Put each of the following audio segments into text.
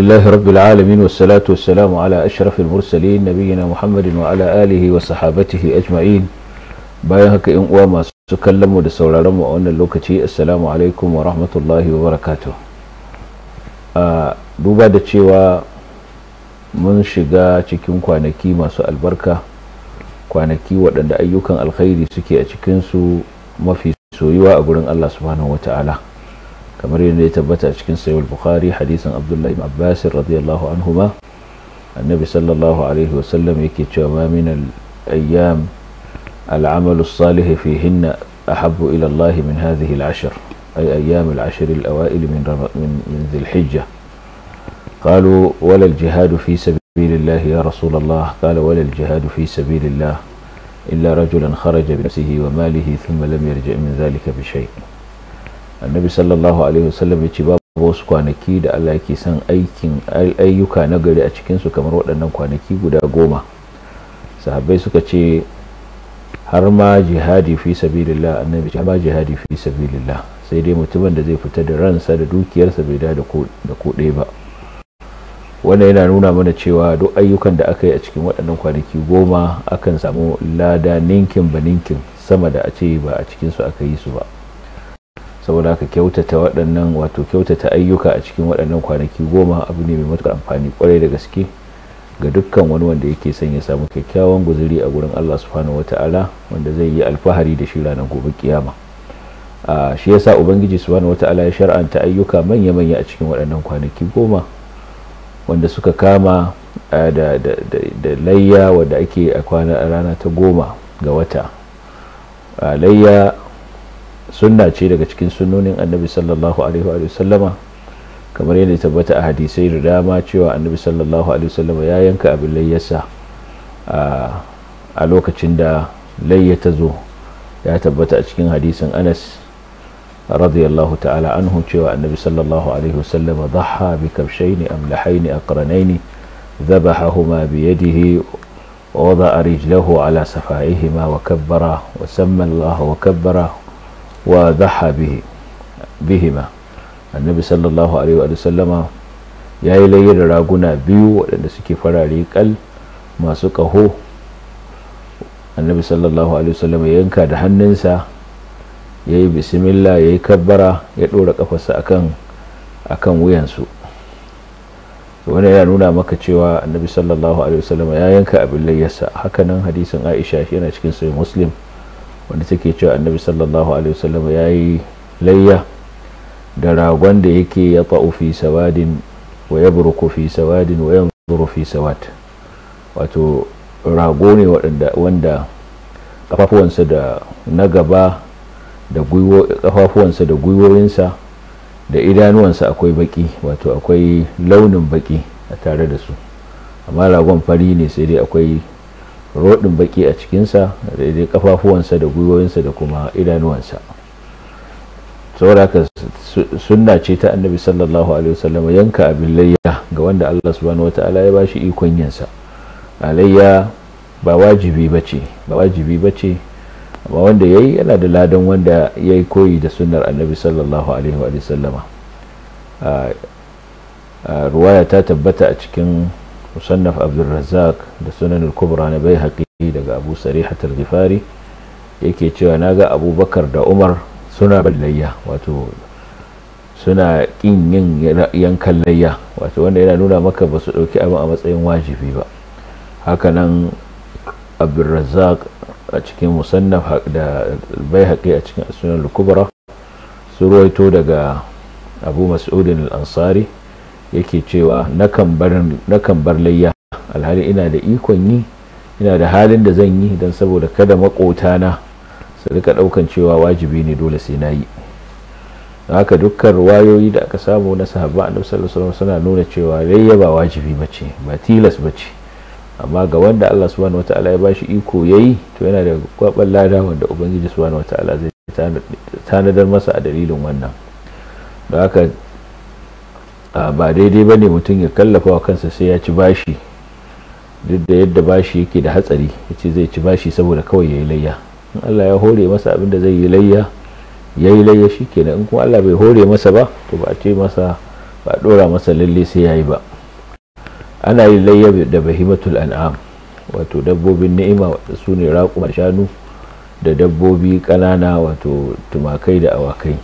لله رب العالمين والصلاة والسلام على أشرف المرسلين نبينا محمد وعلى آله وصحابته أجمعين bayan haka in uwa masu su kallon mu da sauraron mu a wannan lokaci assalamu alaikum wa rahmatullahi wa barakatuh a duba da cewa mun shiga cikin kwanaki masu albarka kwanaki waɗanda ayyukan alkhairi suke a cikinsu mafi soyuwa a gurin allah subhanahu wa ta'ala kamar yadda ya tabbata a cikin sayyid bukhari hadisin abdullahi ibn abbas radiyallahu anhuma annabi sallallahu alaihi wasallam yake cewa ma min al-ayyam al-amal as-salih fihinna ahabbu ila Allah min hadhihi al-ashr ay ayyam al-ashr al-awail min min dhil hijja قالوا ولا الجهاد في سبيل الله يا رسول الله قال ولا الجهاد في سبيل الله إلا رجلا خرج بنفسه وماله ثم لم يرجع من ذلك بشيء annabi sallallahu alaihi wasallam ya ce babu wasu kwanaki da Allah yake son aikin ayyuka na gari a cikinsu kamar waɗannan kwanaki guda goma sahabbai suka ce har ma jihadi fi sabilillah annabi ce ma jihadi fi sabilillah sai dai mutumin da zai fita da ransa da dukiyarsa bai da da kuɗe ba wannan yana nuna mana cewa duk ayyukan da aka yi a cikin waɗannan kwanaki goma akan samu lada ninkin ba ninkin sama da a ce ba a cikinsu aka yi su ba saboda haka kyautata waɗannan wato kyautata ayyuka a cikin waɗannan kwanaki goma abu ne mai matuƙar amfani kwarai da gaske ga dukkan wani wanda yake son ya samu kyakkyawan guzuri a gurin Allah subhanahu wata'ala wanda zai yi alfahari da shi ranar gobe kiyama a shi yasa ubangiji subhanahu wata'ala ya shar'anta ayyuka manya-manya a cikin waɗannan kwanaki goma wanda suka kama da layya wadda ake a kwana rana ta goma ga wata layya sunna ce daga cikin sunnonin annabi sallallahu alaihi wa sallama kamar yadda tabbata a hadisai da dama cewa annabi sallallahu alaihi wa sallama ya yanka abin layyarsa a lokacin da layya ta zo ya tabbata a cikin hadisin anas radiyallahu ta'ala anhu cewa annabi sallallahu alaihi wa sallama dhaha bi kabshaini amlahaini aqranaini ذبحهما بيده ووضع رجله على wa وكبر وسمى الله وكبر wa zaha bihima annabi sallallahu alaihi wa sallama ya yi layyar raguna biyu waɗanda suke farare kal masu ƙaho annabi sallallahu alaihi wasallam ya yanka da hannunsa ya yi bismillah ya yi kabbara ya ɗora ƙafarsa akan wuyansu wani yana nuna maka cewa annabi sallallahu alaihi wasallam ya yanka abin layyarsa hakanan hadisin aisha yana cikin sai muslim wanda suke cewa annabi sallallahu alaihi wasallam ya yi layya da ragon da yake ya ta'u fi sawadin wa ya buruku fi sawadin wa yanzuru fi sawad wato rago ne wanda kafafuwansa da na gaba da kafafuwansa da gwiwoyinsa da idanuwansa akwai baki wato akwai launin baki a tare da su amma ragon fari ne sai dai akwai roɗin baki a cikinsa daidai kafafuwansa da gwiwoyinsa da kuma idanuwansa sauraka sunna ce ta annabi sallallahu alaihi wasallam yanka abin layya ga wanda allah subhanahu wata'ala ya bashi ikon yinsa alayya ba wajibi bace ba wajibi bace amma wanda yayi yana da ladan wanda yayi koyi da sunnar annabi sallallahu alaihi wasallama ruwaya ta tabbata a cikin musannaf abdulrazzaq da sunan al-kubra na bai haƙi daga abu sarihatul gifari yake cewa ga abubakar da umar suna ballayya wato suna ƙin yin yankan layya wato wanda yana nuna maka ba su ɗauki abin a matsayin wajibi ba hakanan abdulrazzaq a cikin musannaf da bai haƙi a cikin sunan al-kubra su ruwaito daga abu mas'udin al-ansari yake cewa nakan bar layya alhali ina da ikon yi ina da halin da zan yi don saboda kada maƙotana su rika ɗaukan cewa wajibi ne dole sai na yi haka dukkan wayoyi da aka samu na sahabba annabi sallallahu alaihi suna nuna cewa layya ba wajibi bace ba tilas ba bace amma ga wanda Allah subhanahu wataala ya bashi iko yayi to yana da kwaban lada wanda ubangiji subhanahu wataala zai tanadar masa a dalilin wannan da haka ba daidai ba ne mutum ya kallafa wa kansa sai ya ci bashi duk da yadda bashi yake da hatsari ya ce zai ci bashi saboda kawai ya yi layya in allah ya hore masa abin da zai yi layya ya yi layya shi kenan in kuma allah bai hore masa ba to ba a ce masa ba a dora masa lalle sai ya yi ba ana yin layya da bahimatul an'am wato dabbobin ni'ima wato su ne raƙuma shanu da dabbobi ƙanana wato tumakai da awakai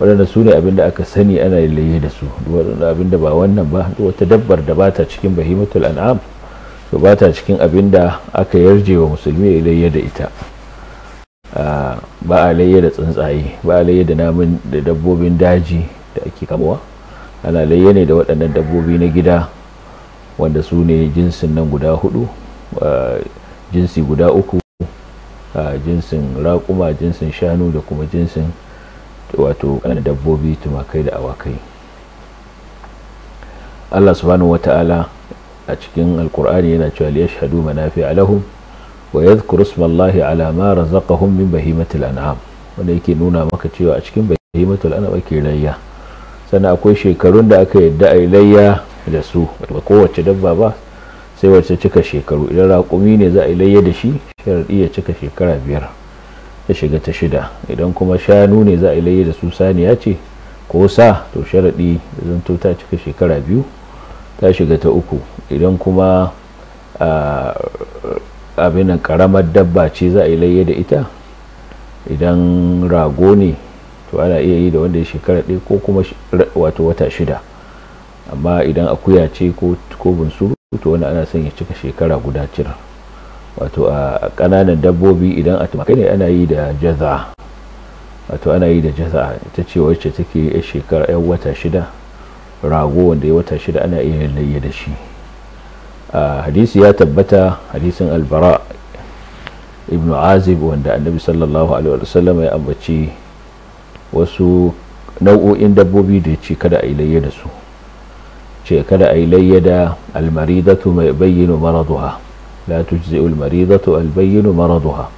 waɗanda su ne abinda aka sani ana layye da su waɗanda abinda ba wannan ba wata dabbar da ba ta cikin bahimatul an'am to ba ta cikin abinda aka yarje wa musulmi ya laye da ita ba a laye da tsuntsaye ba a laye da namun da dabbobin daji da ake kamowa ana laye ne da waɗannan dabbobi na gida wanda su ne jinsin nan guda hudu jinsi guda uku jinsin raƙuma jinsin shanu da kuma jinsin wato ƙananan eh, dabbobi tumakai da awakai Allah subhanahu ta'ala a cikin alkur'ani yana cewa li yashhadu manafi'a lahum wa yadhkuru ismallahi ala ma razaqahum min bahimatil an'am wanda yake nuna maka cewa a cikin bahimatul an'am ake layya sannan akwai shekarun da aka yadda a layya da su ba kowace dabba ba sai wacce cika shekaru idan raƙumi ne za a layya da shi sharaɗi ya cika shekara biyar ya shiga ta shida idan kuma shanu ne za a layye da su saniya ce ko sa to sharaɗi to ta cika shekara biyu ta shiga ta uku idan kuma abin karamar dabba ce za a laye da ita idan rago ne to ana iya yi da wanda ya shekara ɗaya ko kuma wato wata shida amma idan akuya ce ko bunsuru to wani ana son ya cika shekara guda cira wato a ƙananan dabbobi idan a tumakai ne ana yi da jaza wato ana yi da jaza ta ce wacce take yan shekara yan wata shida rago wanda ya wata shida ana iya layya da shi hadisi ya tabbata hadisin albara ibn azib wanda annabi sallallahu alaihi wasallam ya ambaci wasu nau'o'in dabbobi da ya ce kada a yi layya da su ce kada a yi layya da almaridatu mai bayyana maraduha لا تجزئ المريضة البين مرضها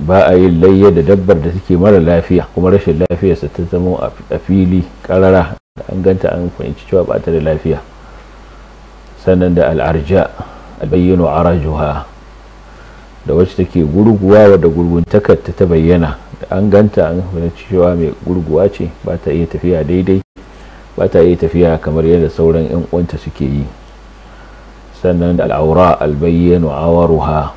ba a yin layya da dabbar da take mara lafiya kuma rashin lafiyarsa ta zama a fili karara da an ganta an fahimci cewa ba ta da lafiya sannan da al'arja a bayyano arajuha da wacce take gurguwa wadda gurguntakarta ta bayyana da an ganta an fahimci cewa mai gurguwa ce ba ta iya tafiya daidai ba ta iya tafiya kamar yadda sauran 'yan uwanta suke yi sannan da al'aura albayyan awaruha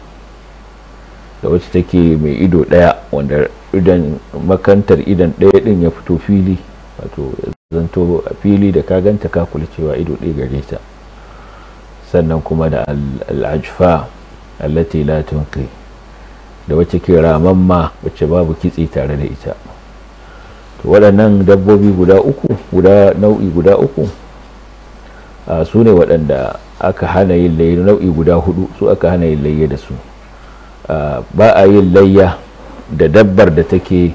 da wacce take mai ido ɗaya wanda idan makantar idan ɗaya ɗin ya fito fili wato zanto a fili da ka ganta ka kula cewa ido ɗaya gare ta sannan kuma da al'ajfa allati la tunqi da wacce ke ramamma wacce babu kitse tare da ita to waɗannan dabbobi guda uku guda nau'i guda uku su ne waɗanda aka hana yin layya nau'i guda hudu su aka hana yin layya da su ba a yin layya da dabbar da take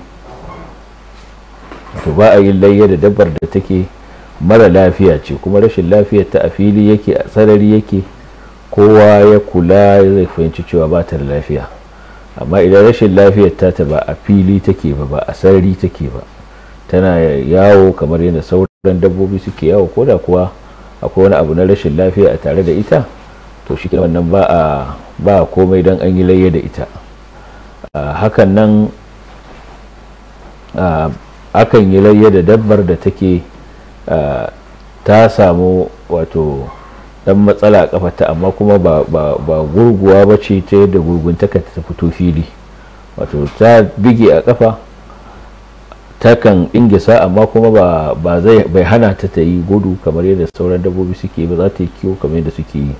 to ba a yin layya da dabbar da take mara lafiya ce kuma rashin lafiya ta a fili yake a sarari yake kowa ya kula zai fahimci cewa ba ta da lafiya amma idan rashin lafiyar ta ta ba a fili take ba ba a sarari take ba tana yawo kamar yadda sauran dabbobi suke yawo ko da kuwa akwai wani abu na rashin lafiya a tare da ita to shi wannan ba a ba komai don an yi layya da ita hakan nan akan yi layya da dabbar da take ta samu wato dan matsala a kafata amma kuma ba gurguwa ba ce ta yadda gurguntaka ta fito fili wato ta bige a kafa takan ingisa amma kuma ba ba zai bai hana ta ta yi gudu kamar yadda sauran dabbobi suke ba za ta yi kiwo kamar yadda suke yi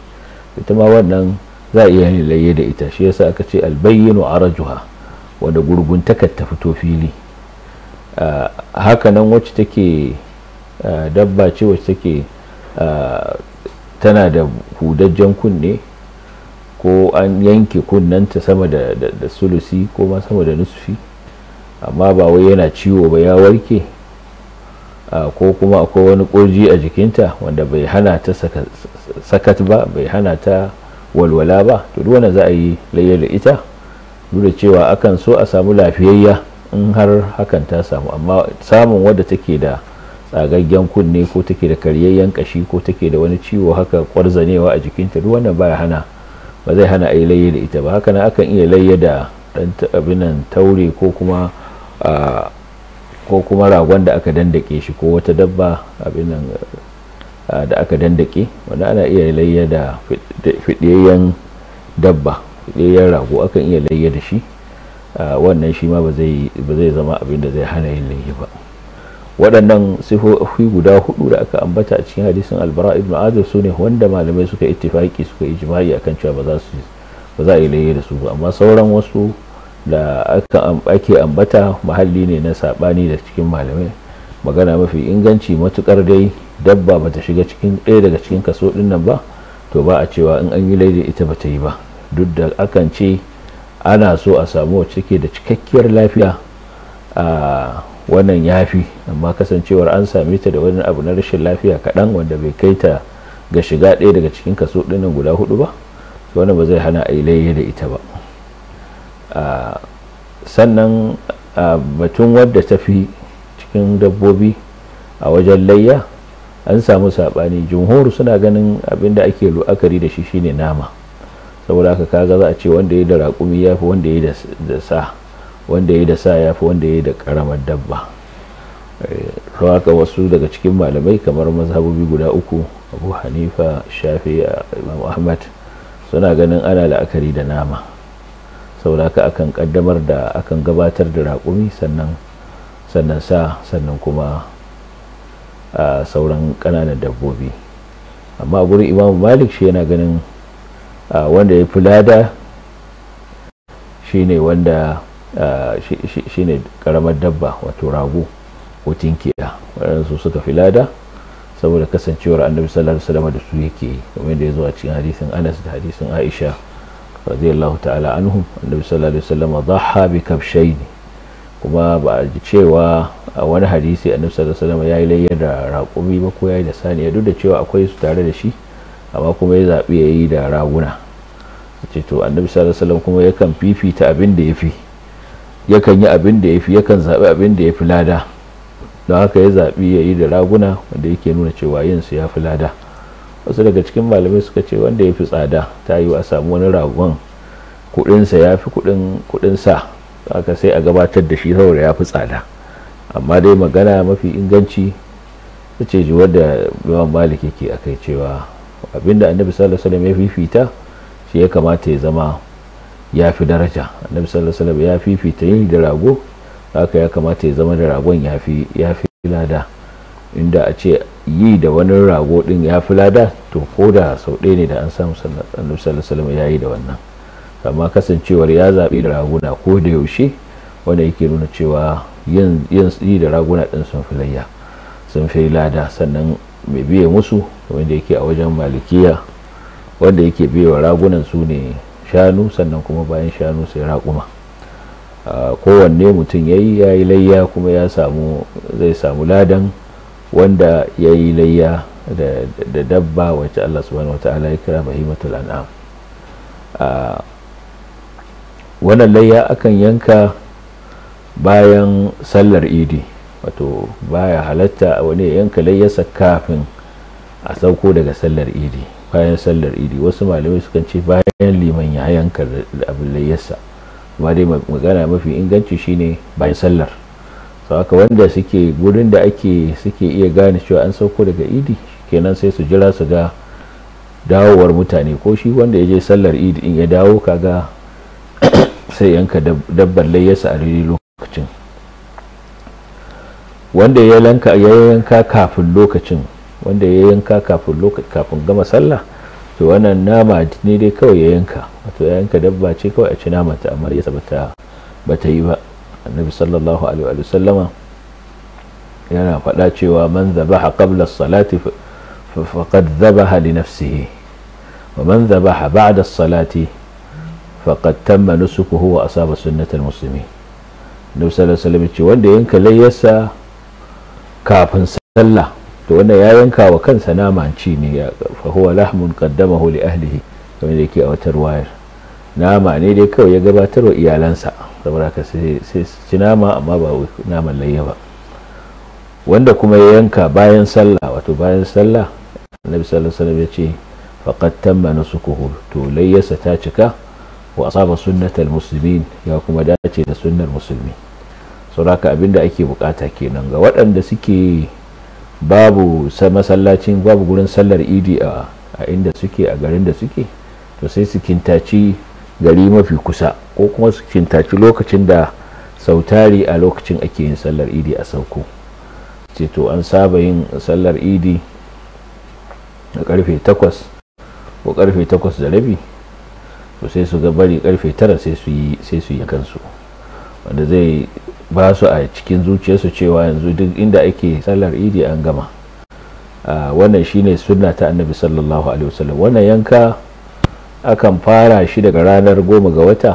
ita ma wannan za a iya yin laye da ita shi yasa aka ce albayyinu arajuha wanda gurguntakar ta fito fili haka nan wacce take dabba ce wacce take tana da hudajjen kunne ko an yanke kunnanta sama da sulusi ko ma sama da nusfi amma ba wai yana ciwo ba ya warke ko kuma akwai wani ƙurji a jikinta wanda bai hana ta sakat ba bai hana ta walwala ba to duk wanda za a yi layya da ita duk da cewa akan so a samu lafiyayya in har hakan ta samu amma samun wadda take da tsagaggen kunne ko take da karyayyen kashi ko take da wani ciwo haka kwarzanewa a jikinta duk wannan baya hana ba zai hana a yi layya da ita ba haka akan iya layya da ɗan abinan taure ko kuma ko kuma ragon da aka dandake shi ko wata dabba abin da aka dandake wanda ana iya layya da fidiyayyen dabba fidiyayyen rago akan iya layya da shi wannan shi ma ba zai zama abin da zai hana yin layya ba waɗannan sifofi guda hudu da aka ambata a cikin hadisin albara ibn azib su ne wanda malamai suka ittifaki suka jima'i akan cewa ba za su ba za a yi layya da su ba amma sauran wasu da ake ambata mahalli ne na saɓani da cikin malamai magana mafi inganci matukar dai dabba ba ta shiga cikin ɗaya daga cikin kaso ɗin ba to ba a cewa in an yi laida ita ba ta yi ba duk da akan ce ana so a samu wacce take da cikakkiyar lafiya a wannan yafi amma kasancewar an same ta da wani abu na rashin lafiya kaɗan wanda bai kai ta ga shiga ɗaya daga cikin kaso ɗinnan guda hudu ba wannan ba zai hana a yi laida da ita ba Ah, sannan ah, batun wadda ta fi cikin dabbobi a wajen layya an samu saɓani jumhur suna ganin abinda ake lu'akari da shi shine nama saboda haka kaga za a ce wanda ya da raƙumi ya fi wanda ya da sa wanda ya da sa ya fi wanda ya da ƙaramar dabba eh, don haka wasu daga cikin malamai kamar mazhabobi guda uku abu hanifa shafi imam ahmad suna ganin ana la'akari da nama sauraka akan kaddamar da akan gabatar da raƙumi sannan sannan sa sannan kuma a sauran ƙananan dabbobi amma gurin imamu malik shi yana ganin wanda ya fi lada shine wanda shine karamar dabba wato rago ko tinkiya waɗansu suka fi lada saboda kasancewar annabi sallallahu alaihi wasallam da su yake kamar da ya zo a cikin hadisin anas da hadisin aisha radiyallahu ta'ala anhum annabi sallallahu alaihi wasallam dhaha bi kabshaini kuma ba a ji cewa a wani hadisi annabi sallallahu alaihi wasallam yi layyar da rakumi ba ko yi da saniya duk da cewa akwai su tare da shi amma kuma ya zabi yayi da raguna ce to annabi sallallahu alaihi wasallam kuma yakan fifita abin da yafi yakan yi abin da yafi yakan zabi abin da yafi lada don haka ya zabi yayi da raguna wanda yake nuna cewa yin su yafi lada wasu daga cikin malamai suka ce wanda ya fi tsada ta yi a samu wani ragon kudinsa ya fi kudin sa aka sai a gabatar da shi saboda ya fi tsada amma dai magana mafi inganci ta ce ji wadda imam malik yake akai cewa abinda annabi sallallahu alaihi wasallam ya fifita shi ya kamata ya zama ya fi daraja annabi sallallahu alaihi wasallam ya fifita yin da rago haka ya kamata ya zama da ragon ya fi lada inda a ce yi da wani rago din ya fi lada to ko da sau ɗaya ne da an samu annabi ya yi da wannan amma kasancewar ya zaɓi da raguna ko da yaushe wanda yake nuna cewa yin yi da raguna ɗin sun fi layya sun fi lada sannan mai biye musu wanda yake a wajen malikiya wanda yake biyewa ragunan su ne shanu sannan kuma bayan shanu sai raƙuma kowanne mutum ya yi ya yi layya kuma ya samu zai samu ladan wanda ya yi layya da dabba wacce Allah subhanahu wa ta'ala ya kira bahimatul an'am ah, wannan layya akan yanka bayan sallar idi wato baya halatta wani ya yanka layyarsa kafin a sauko daga sallar idi bayan sallar idi wasu malamai sukan ce bayan liman ya yanka abin layyarsa ma dai magana mafi inganci shine bayan sallar haka wanda suke gurin da ake suke iya gane cewa an sauko daga idi kenan sai su jira su ga dawowar mutane ko shi wanda ya je sallar idi in ya dawo kaga sai yanka dabbar layyarsa a daidai lokacin wanda ya yanka kafin lokacin wanda ya yanka kafin kafin gama sallah to wannan nama ne dai kawai ya yanka wato ya yanka dabba ce kawai a ci nama ta amma ya ba bata yi ba annabi sallallahu alaihi sallama yana faɗa cewa man zabaha qabla salati faqad zabaha li nafsihi wa man zabaha ba'da salati faqad tamma nusukuhu wa asaba sunnatal muslimin annabi sallallahu alaihi wasallam ce wanda yanka layyarsa kafin sallah to wanda ya yanka wa kansa naman ci ne fa huwa lahmun qaddamahu li ahlihi kamar da yake a wata ruwayar nama ne dai kawai ya gabatar wa iyalansa saboda haka sai ci nama amma ba naman layya ba wanda kuma ya yanka bayan sallah wato bayan sallah annabi sallallahu alaihi wasallam ya ce faqad tamma nusukuhu to layyasa ta cika wa asaba sunnatal muslimin ya kuma dace da sunnar musulmi saboda abinda ake bukata kenan ga waɗanda suke babu masallacin babu gurin sallar idi a inda suke a garin da suke to sai su kintaci gari mafi kusa ko kuma su cintaci lokacin da sautari a lokacin ake yin sallar idi a sauko ce to an saba yin sallar idi a karfe 8 ko karfe 8 da rabi to sai su ga bari karfe 9 sai su yi sai kansu wanda zai ba su a cikin zuciyarsu cewa yanzu duk inda ake sallar idi an gama wannan shine sunna ta annabi sallallahu alaihi wasallam wannan yanka akan fara shi daga ranar goma ga wata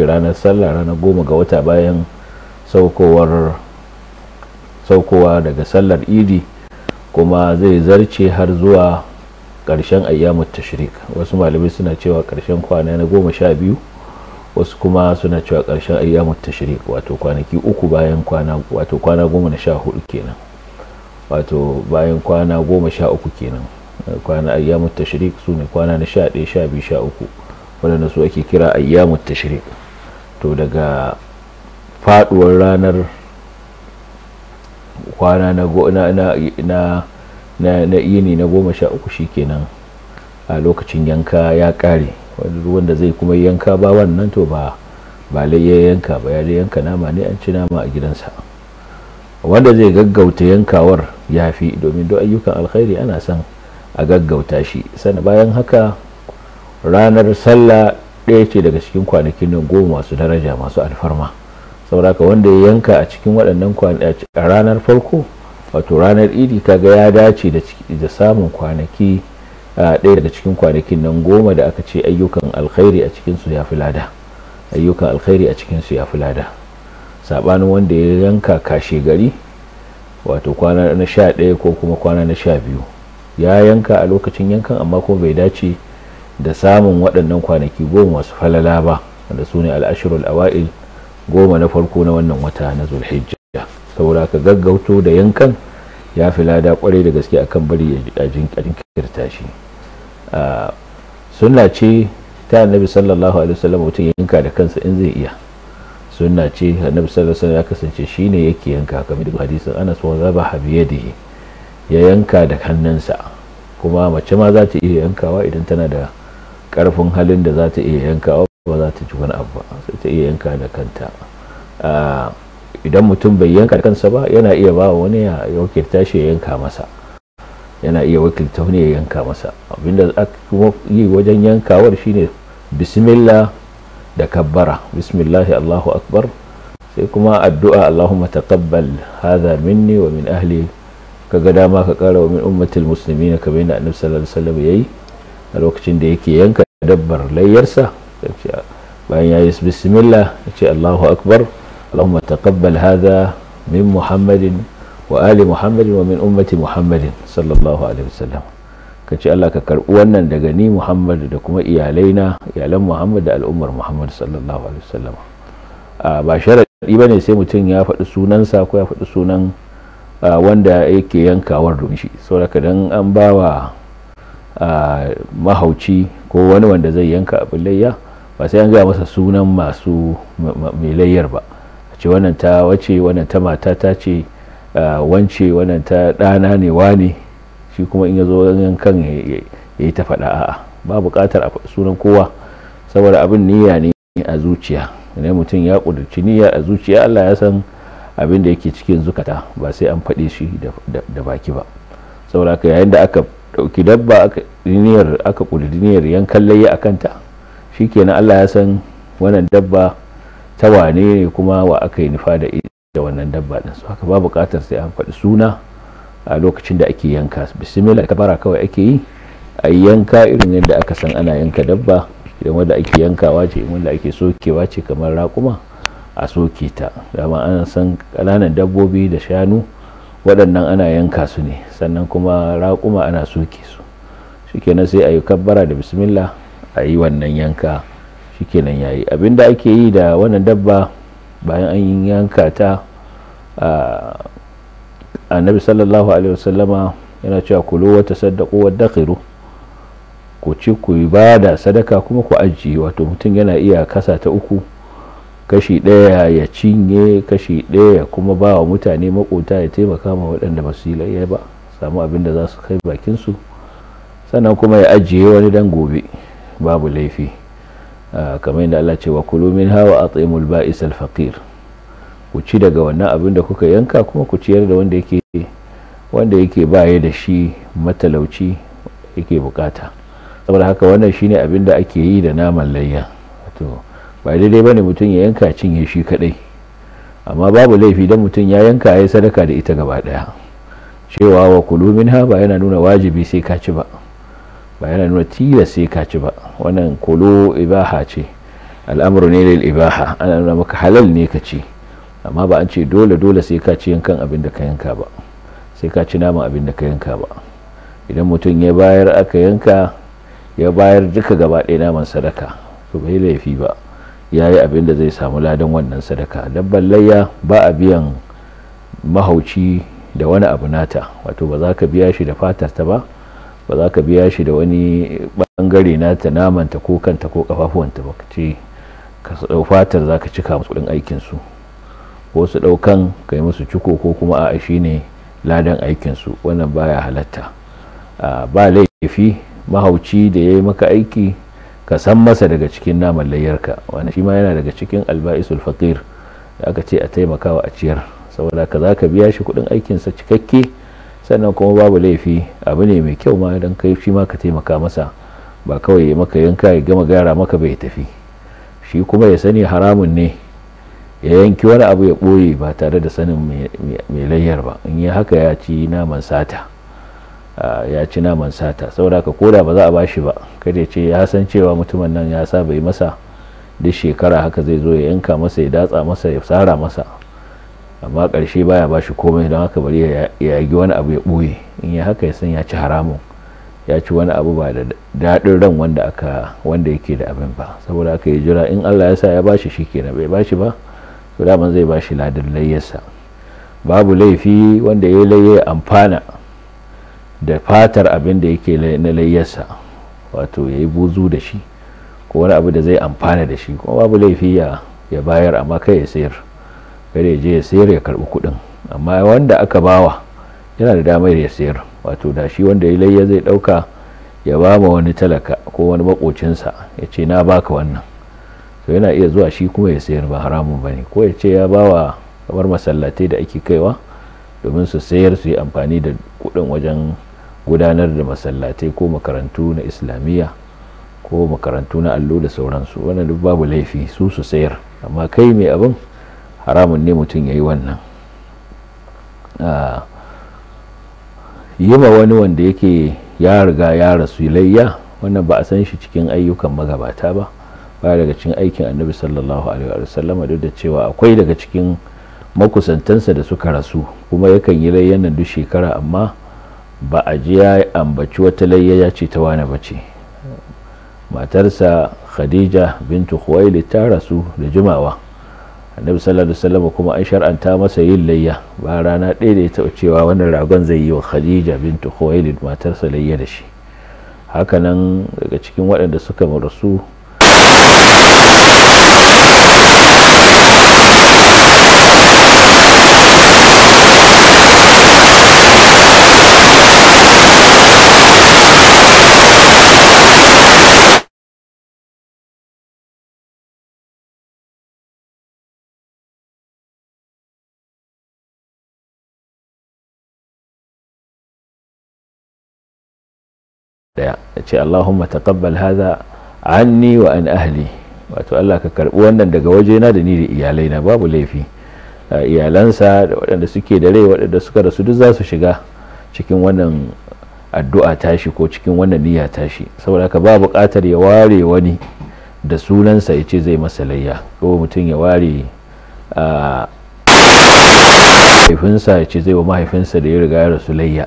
ce ranar sallah ranar goma ga wata bayan saukowa daga sallar idi kuma zai zarce har zuwa ƙarshen ayyamu tashrik wasu malamai suna cewa ƙarshen kwana na goma sha biyu wasu kuma suna cewa ƙarshen ayyamu tashrik wato kwanaki uku bayan kwana wato kwana goma na sha hudu kenan wato bayan kwana goma sha uku kenan kwana ayyamu tashrik su ne kwana na sha ɗaya sha biyu sha uku waɗanda su ake kira ayyamu tashrik to daga faduwar ranar kwana na na yini na goma sha uku shi kenan a lokacin yanka ya kare wanda zai kuma yanka ba wannan to ba ba ya yanka ba ya yanka nama ne an ci nama a gidansa wanda zai gaggauta yankawar ya fi domin duk ayyukan alkhairi ana son a gaggauta shi sannan bayan haka ranar sallah ɗaya ce daga cikin kwanakin nan goma masu daraja masu alfarma saboda wanda ya yanka a cikin waɗannan a ranar farko wato ranar idi kaga ya dace da samun kwanaki ɗaya daga cikin kwanakin nan goma da aka ce ayyukan alkhairi a cikinsu ya fi lada ayyukan alkhairi a su ya fi saɓanin wanda ya yanka kashe gari wato kwana na sha ɗaya ko kuma kwana na sha biyu ya yanka a lokacin yankan amma kuma bai dace da samun waɗannan kwanaki goma masu falala ba da su ne al'ashirul awa'il goma na farko na wannan wata na zulhijja saboda ka gaggauto da yankan ya fi lada kwarai da gaske akan bari a jinkirta shi sunna ce ta annabi sallallahu alaihi wasallam mutum yanka da kansa in zai iya sunna ce annabi sallallahu alaihi wasallam ya kasance shine yake yanka kamar da hadisin Anas wa zabaha biyadihi ya yanka da hannunsa kuma mace ma za ta iya yankawa idan tana da karfin halin da za ta iya yanka ba za ta ci wani abu ba sai ta iya yanka da kanta idan mutum bai yanka da kansa ba yana iya ba wani ya wakilta shi ya yanka masa yana iya wakilta wani ya yanka masa abinda kuma yi wajen yankawar shine bismillah da kabbara bismillahi allahu akbar sai kuma addu'a allahumma taqabbal hadha minni wa min ahli kaga dama ka kara wa min ummatil na kamar yadda annabi sallallahu alaihi wasallam yayi a lokacin da yake yanka dabbar layyarsa bayan ya yi bismillah ya ce allahu akbar allahumma taqabbal hadha min muhammadin wa ali muhammadin wa min ummati muhammadin sallallahu alaihi wasallam ka ce allah ka karbi wannan daga ni muhammad da kuma iyalaina iyalan muhammad da al'ummar muhammad sallallahu alaihi wasallam ba ba ne sai mutum ya faɗi sunansa ko ya faɗi sunan wanda yake yankawar domin shi saboda dan an bawa mahauci ko wani wanda zai yanka abin layya ba sai an gaya masa sunan masu mai layyar ba a ce wannan ta wace wannan ta mata ta ce wance wannan ta ɗana ne wane shi kuma in ya zo yankan ya yi ta faɗa a'a ba buƙatar sunan kowa saboda abin niyya ne a zuciya ne mutum ya ƙudurci niyya a zuciya allah ya san abin da yake cikin zukata ba sai an faɗe shi da baki ba saboda yayin da aka ɗauki dabba aka diniyar aka diniyar yan kallaye a kanta shi kenan Allah ya san wannan dabba ta wane ne kuma wa aka yi nufa da da wannan dabba din su haka ba buƙatar sai an faɗi suna a lokacin da ake yanka bismillah kabara kawai ake yi a yanka irin yadda aka san ana yanka dabba idan wanda ake yankawa ce wanda ake sokewa ce kamar raƙuma a soke ta dama ana san kananan dabbobi da shanu waɗannan ana yanka su ne sannan kuma raƙuma ana soke su shikenan sai a yi kabbara da bismillah a yi wannan yanka shikenan ya yi da ake yi da wannan dabba bayan an yi yanka ta annabi sallallahu alaihi wasallama yana cewa kulo wata sadaku wa dakhiru ku ci ku ba da sadaka kuma ku ajiye wato mutum yana iya kasa ta uku kashi ɗaya ya cinye kashi ɗaya kuma ba wa mutane makota ya taimaka ma waɗanda ba su yi layya ba samu abin da za su kai bakinsu sannan kuma ya ajiye wani dan gobe babu laifi ah, kamar yadda Allah ce wa kulu min hawa tsaimul ba'is al faqir ku ci daga wannan abin da kuka yanka kuma ku ciyar da wanda yake wanda yake baya da shi matalauci yake bukata saboda haka wannan shine abin da ake yi da naman layya ba daidai ba ne mutum ya yanka cinye shi kadai amma babu laifi dan mutum ya yanka ya sadaka da ita gaba daya cewa wa kulu minha ba yana nuna wajibi sai ka ci ba ba yana nuna tilas sai ka ci ba wannan kulu ibaha ce al'amuru ne lil ibaha ana nuna maka halal ne ka ci amma ba an ce dole dole sai ka ci yankan abin da ka yanka ba sai ka ci naman abin da ka yanka ba idan mutum ya bayar aka yanka ya bayar duka gaba ɗaya naman sadaka to bai laifi ba ya yi abin da zai samu ladan wannan sadaka dan layya ba a biyan mahauci da wani abu nata wato ba za ka biya shi da fatar ta ba ba za ka biya shi da wani bangare nata namanta ko kanta ko kafafuwanta ba ce ka dau fatar za ka cika musu kudin aikinsu ko su daukan ka yi musu ciko ko kuma a shi ne ladan aikinsu wannan baya halatta ah, ba laifi mahauci da ya yi maka aiki ka san masa daga cikin naman layyarka wani shi ma yana daga cikin alba'isul faqir da aka ce a taimakawa a ciyar saboda ka za ka biya shi kuɗin aikinsa cikakke sannan kuma babu laifi abu ne mai kyau ma don kai shi ma ka taimaka masa ba kawai ya maka yanka ya gama gyara maka bai tafi shi kuma ya sani haramun ne ya yanki wani abu ya ɓoye ba tare da sanin mai layyar ba in yi haka ya ci naman sata ya ci naman sata saboda ka koda ba za a bashi ba kada ce ya san cewa mutumin nan ya saba yi masa duk shekara haka zai zo ya yanka masa ya datsa masa ya tsara masa amma ƙarshe baya bashi komai don haka bari ya yagi wani abu ya ɓoye in ya haka ya san ya ci haramun ya ci wani abu ba da daɗin ran wanda aka wanda yake da abin ba saboda aka yi jira in Allah ya sa ya bashi shi kenan bai bashi ba to daman zai bashi ladin layyarsa babu laifi wanda ya yi layya amfana da fatar abin da yake na layyarsa wato ya yi buzu da shi ko wani abu da zai amfana da shi kuma babu laifi ya bayar amma kai ya sayar kada ya je ya sayar ya karbi kuɗin amma wanda aka bawa yana da damar ya sayar wato da shi wanda ya layya zai ɗauka ya ba ma wani talaka ko wani makocinsa ya ce na baka wannan to yana iya zuwa shi kuma ya sayar ba haramun ba ne ko ya ce ya bawa kamar masallatai da ake kaiwa domin su sayar su yi amfani da kuɗin wajen gudanar da masallatai ko makarantu na islamiyya ko makarantu na allo da sauransu wannan duk babu laifi su su sayar amma kai mai abin haramun ne mutum ya yi wannan ah, yi ma wani wanda yake ya riga ya rasu layya wannan ba a san shi cikin ayyukan magabata ba baya daga cikin aikin annabi sallallahu alaihi wa sallama da cewa akwai daga cikin makusantansa da suka rasu kuma yakan yi layyan nan duk shekara amma ba a ji ya ambaci wata layyaya ce ta wani bace matarsa khadija bintu khuwaili ta rasu da jimawa annabi sallallahu alaihi wasallam kuma an shar'anta masa yin layya ba rana ɗaya da ya taɓa cewa wannan ragon zai yi wa khadija bintu khuwaili matarsa layya da shi hakanan daga cikin waɗanda suka rasu daya ya ce Allahumma taqabbal hadha anni wa an ahli wato Allah ka karbi wannan daga waje na da ni da iyalaina babu laifi iyalansa da waɗanda suke da rai waɗanda suka rasu duk za su shiga cikin wannan addu'a tashi ko cikin wannan niyya tashi saboda haka ba buƙatar ya ware wani da sunansa ya ce zai masa layya ko mutum ya ware mahaifinsa ya ce zai wa mahaifinsa da ya riga ya rasu layya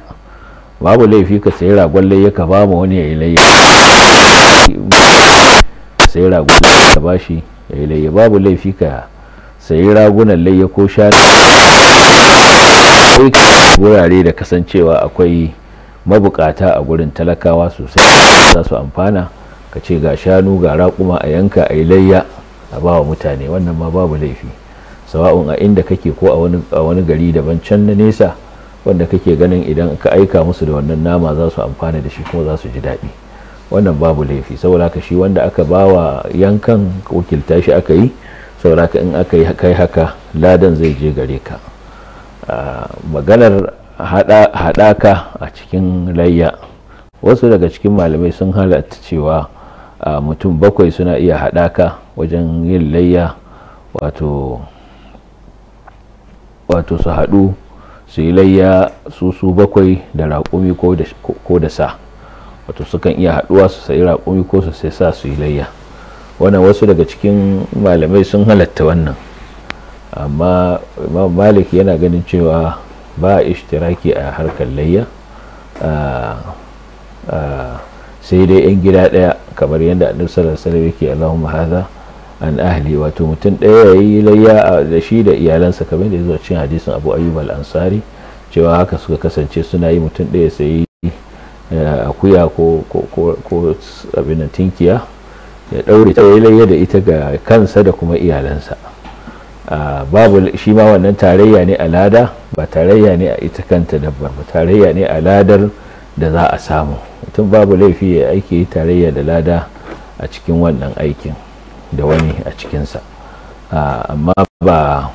babu laifi ka sayi ragon layya ka ba ma wani ya yi ka sayi ragon layya ka ba shi ya babu laifi ka sayi ragunan layya ko shanu wurare da kasancewa akwai mabukata a gurin talakawa sosai za su amfana ka ce ga shanu ga raƙuma a yanka a yi layya a ba wa mutane wannan ma babu laifi sawa'un a inda kake ko a wani gari daban can na nesa wanda kake ganin idan ka aika musu da wannan nama za su amfana da shi kuma za su ji daɗi wannan babu laifi saboda haka shi wanda aka bawa yankan wakilta shi aka yi saboda haka in aka yi kai haka ladan zai je gare ka ah, maganar haɗaka a cikin layya wasu daga cikin malamai sun halatta cewa mutum bakwai suna iya haɗaka wajen yin layya wato su haɗu su yi layya su su bakwai da raƙumi ko da sa wato sukan iya haɗuwa su sayi raƙumi ko su sai sa su yi layya wannan wasu daga cikin malamai sun halatta wannan amma imam malik yana ganin cewa ba a ishtiraki a harkar layya sai dai 'yan gida ɗaya kamar yadda annabi sallallahu alaihi wasallam yake allahumma hadha an ahli wato mutum ɗaya ya yi layya da shi da iyalansa kamar da ya zo cin hadisin abu ayyub al-ansari cewa haka suka kasance suna yi mutum ɗaya sayi eh, akuya ko abin tinkiya ya ɗaure ta yi layya da ita ga kansa da kuma iyalansa ah, babu shi ma wannan tarayya ne a lada ba tarayya ne a ita kanta dabbar ba tarayya ne a ladar da za a samu mutum babu laifi ya aiki tarayya da lada a cikin wannan aikin da wani a cikinsa ah, amma ba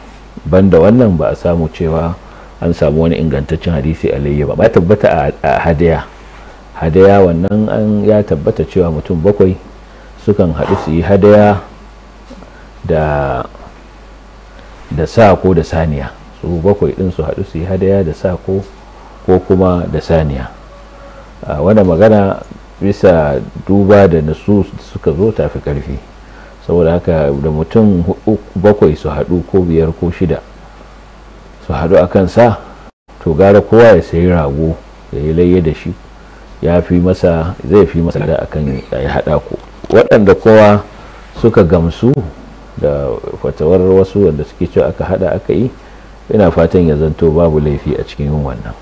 ban da wannan ba a samu cewa an samu wani ingantaccen hadisi alayya ba ba tabbata a hadaya hadaya wannan an ya tabbata cewa mutum bakwai sukan haɗu su yi hadaya da da sa ko da saniya su bakwai ɗin su haɗu su yi hadaya da sa ko kuma da saniya ah, wani magana bisa duba da nasu suka zo tafi karfi. saboda haka da mutum bakwai su haɗu ko biyar ko shida su haɗu a kansa to gara kowa ya sayi rago ya yi layya da shi ya fi masa zai fi masa da akan ya haɗa ku waɗanda kowa suka gamsu da fatawar wasu wanda suke cewa aka haɗa aka yi ina fatan ya zanto babu laifi a cikin yin wannan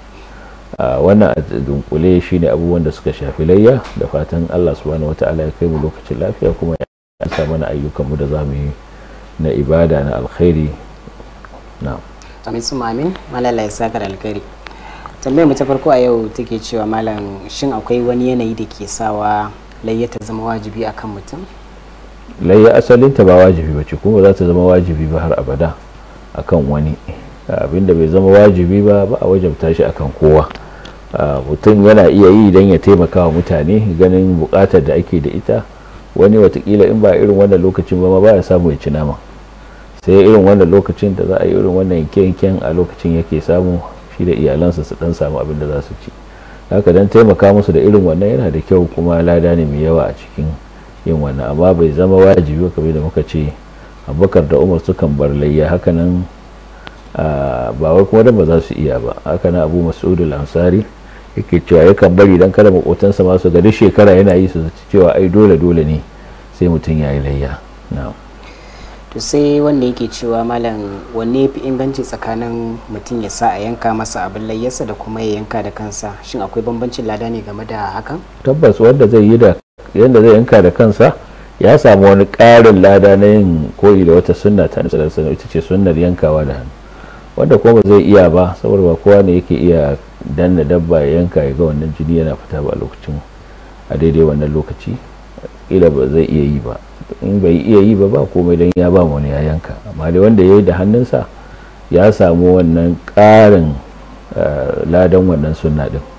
wannan a dunkule shine abubuwan da suka shafi layya da fatan allah subhanahu wata'ala ya kai mu lokacin lafiya kuma ya sa mana ayyukanmu da za mu yi na ibada na alkhairi na amin su mamin malala ya sakar alkhairi tambayar mu ta farko a yau take cewa malam shin akwai wani yanayi da ke sawa layya ta zama wajibi akan mutum layya asalinta ba wajibi ba ce kuma za ta zama wajibi ba har abada akan wani abinda bai zama wajibi ba ba a wajabta shi akan kowa mutum yana iya yi don ya taimaka wa mutane ganin bukatar da ake da ita wani watakila in ba irin wannan lokacin ba ma baya samu ya ci nama sai irin wannan lokacin da za a yi irin wannan yanke a lokacin yake samu shi da iyalansa su dan samu abin da za su ci haka dan taimaka musu da irin wannan yana da kyau kuma lada ne mai yawa a cikin yin wannan amma bai zama wajibi ba kamar da muka ce abubakar da umar sukan bar layya hakanan ah, ba wai kuma dan ba za su iya ba hakanan abu mas'udul ansari yake cewa yakan bari dan kada makotansa ma su shekara yana yi su cewa ai dole dole ne sai mutum ya yi layya to sai wanda yake cewa malam wanne fi inganci tsakanin mutum ya sa a yanka masa abin layyarsa da kuma ya yanka da kansa shin akwai bambancin lada ne game da hakan tabbas wanda zai yi da yanda zai yanka da kansa ya samu wani ƙarin lada na yin koyi da wata sunna ta nasarar ita ce sunnar yankawa da hannu wanda kuma ba zai iya ba saboda ba kowa ne yake iya danna dabba ya yanka ya ga wannan jini yana fita ba a lokacin a daidai wannan lokaci ila ba zai iya yi ba in bai iya yi ba ba komai dan ya ba wani ya yanka amma dai wanda ya yi da hannunsa ya samu wannan ƙarin eh, ladan wannan sunna din